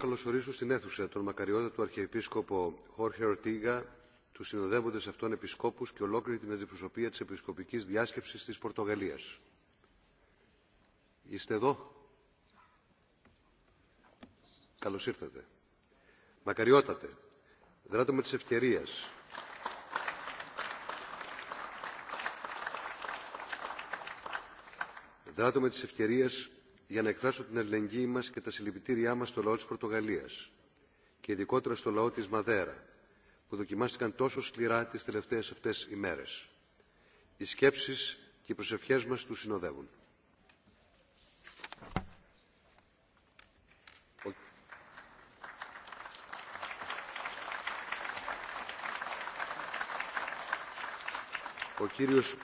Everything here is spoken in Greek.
καλωσορίσω στην αίθουσα τον μακαριότατο του Αρχιεπίσκοπο Χόρχε Ορτίγα, του συνοδεύοντε αυτών επισκόπου και ολόκληρη την αντιπροσωπεία τη επισκοπική διάσκεψη τη Πορτογαλίας. Είστε εδώ. Καλώ ήρθατε. Μακαριότατε, δράτω με τη ευκαιρία δράτω με της ευκαιρίες για να εκφράσω την αλληλεγγύη μας και τα συλληπιτήριά μας στο λαό της Πορτογαλίας και ειδικότερα στο λαό της Μαδέρα, που δοκιμάστηκαν τόσο σκληρά τις τελευταίες αυτές ημέρες. Οι σκέψεις και οι προσευχές μας τους συνοδεύουν. Ο κύριος